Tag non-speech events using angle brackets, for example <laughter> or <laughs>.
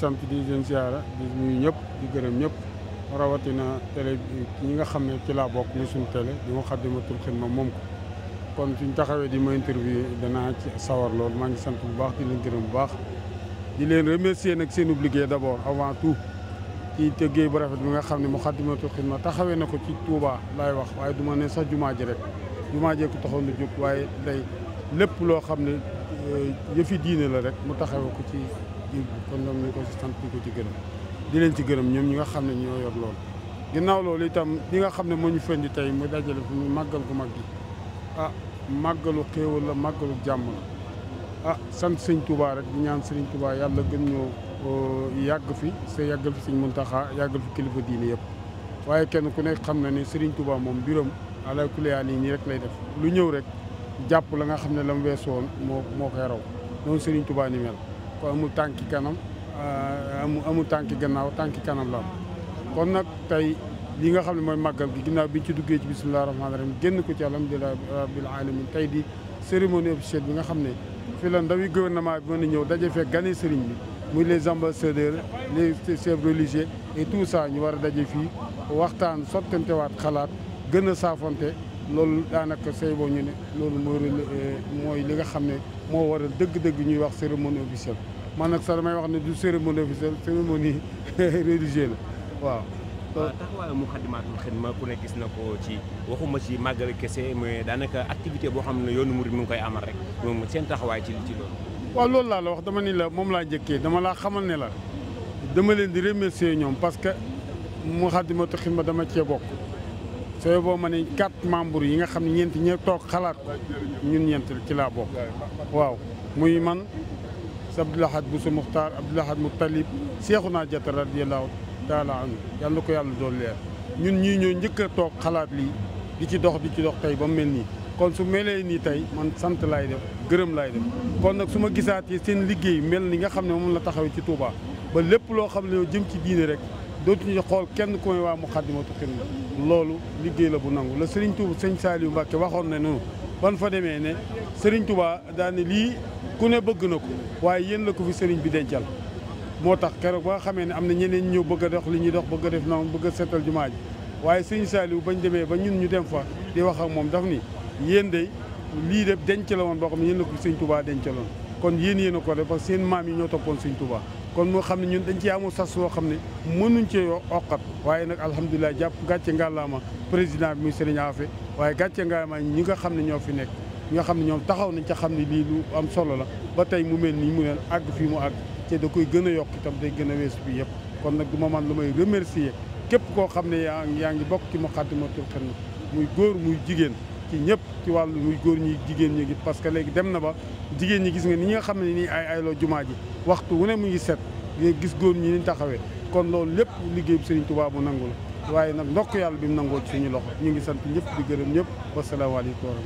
sant di leen ziara di nuyu ñëpp di gërëm ñëpp rawatina télé bi ñi nga xam ne ci laa bokk mu suñu télé di Moukhaddamatoul Khidma moom ko kon suñ taxawee di ma interview danaa ci sawar lool maa ngi sant bu baax di leen gërëm bu baax di leen remercier nag seen liggéey d'abord avant tout ci tëggéey bu rafet bi nga xam ne Moukhaddamatoul Khidma taxawee na ko ci Touba laay wax waaye du ma ne sax jumaa ji rek jumaa jee ko taxoon na jóg waaye day lépp loo xam ne euh, yëfi diine la rek mu taxawee ko ci jiw kon noonu ñu ko si sant di ko ci gërëm di leen ci gërëm ñoom ñi nga xam ne ñoo yor lool ginnaaw loolu itam ñi nga xam ne moo ñu fendi tey mu dajale fu mu màggal gu mag gi ah màggalu xéewal la màggalu jàmm la ah sant sëñ Touba rek di ñaan sëriñ Touba yàlla gën ñoo euh, yàgg fi sa yàggal fi sëñ Muntaxa yàggal fi kilifa diine yëpp waaye kenn ku nekk xam na ni sëriñ Touba moom biram alay kuleyaan yi nii rek lay def lu ñëw rek jàpp la nga xam ne la mu weesu moo moo koy raw sëriñ Touba ni ko amul tànki kanam euh, amu amul tànki gannaaw tànki kanam la am kon nag tey li nga xam ne mooy màggal gi ginnaaw biñ ci duggee ci bisimilah rahmaani rahim génn ko ci alhamdulilah rabbil alamin tey di cérémonie officielle bi nga xam ne fi la ndawi gouvernement bi mën a ñëw daje fee gane sëriñ bi muy les ambassadeurs les chefs religieux et tout ça ñu war a daje fii waxtaan sottantewaat xalaat gën a saafonte loolu daanaka say boo ñu ne loolu mooy eh, mooy li nga xam ne moo waral dëgg-dëgg ñuy wax cérémonie officielle man nag sax damay wax ne du cérémonie officielle cérémonie <laughs> religieuse la waaw. waaw taxawaayu Moukhaddamatoul ma ku ne gis na ko ci waxuma ci màggal kese mais daanaka activité boo xam ne yoonu murid mu ngi koy amal rek moom seen taxawaay ci ci loolu. waaw loolu laa la wax dama ni la moom laa njëkkee dama laa xamal ne la dama leen di remercier ñoom parce que Moukhaddamatoul Khidma dama cee bokk. sooy boo ma ne quatre membres yi nga xam ne ñeenti ñëpp toog xalaat ñun ñeent ci laa bokk waaw muy man sa Abdoulahad Bousso Muxtaar Abdoulahad Moutalib Seexuna Jata radiyallaahu taala anhu yàlla ko yàlla doon leer ñun ñii ñoo njëkk a toog xalaat lii di ci dox di ci dox tey ba mu mel nii kon su melee nii tey man sant laay def gërëm laay def kon nag su ma gisaatee seen liggéey mel ni nga xam ne moom la taxawee ci tuubaa ba lépp loo xam ne jëm ci diine rek dootuñu xool kenn ku may waa Muxaddamatul Xidma loolu liggéey la bu nangu la Serigne Touba sëñ Saliou Mbacke waxoon ne noonu ban fa demee ne Serigne Touba daan ne lii ku ne bëgg na ko waaye yéen la ko fi Serigne bi dencal. moo tax keroog ba xamee ne am na ñeneen ñëw bëgg a dox li ñuy dox bëgg a def noonu bëgg a seetal jumaa ji waaye Serigne Saliou bañ demee ba ñun ñu dem fa di wax ak moom daf ni yéen de lii de denc la woon boo xam ne yéen la ko fi Serigne Touba kon yéen yéen a seen maam yi ñoo toppoon Serigne Touba. kon moo xam ne ñun dañ ci amoon sas woo xam ne mënuñ cee oqat waaye nag alhamdulilah jàpp gàcce ngàllaama président bi muy Serigne Affe waaye gàcce ngàllaama ñi nga xam ne ñoo fi nekk nga xam ne ñoom taxaw nañ ca xam ne lii lu am solo la ba tey mu mel nii mu leen àgg fii mu àgg te da koy gën a yokk itam day gën a weesu bi yëpp kon nag du man lu may remercier képp koo xam ne yaa ngi bokk ci Moukhaddamatoul Khidma muy góor muy jigéen ci ñëpp ci wàllu góor ñi jigéen ñi parce que léegi dem na ba jigéen ñi gis nga ni ñi nga xam ne nii ay ayloo jumaa ji waxtu wu ne mu ngi set nga gis góor ñi niñ taxawee kon loolu lépp liggéey bu Sëriñ Tuubaa mu nangu la waaye nag ndokk yàlla bi mu nangoo ci suñu loxo ñu ngi sant ñëpp di gërëm ñëpp wasalaamaaleykum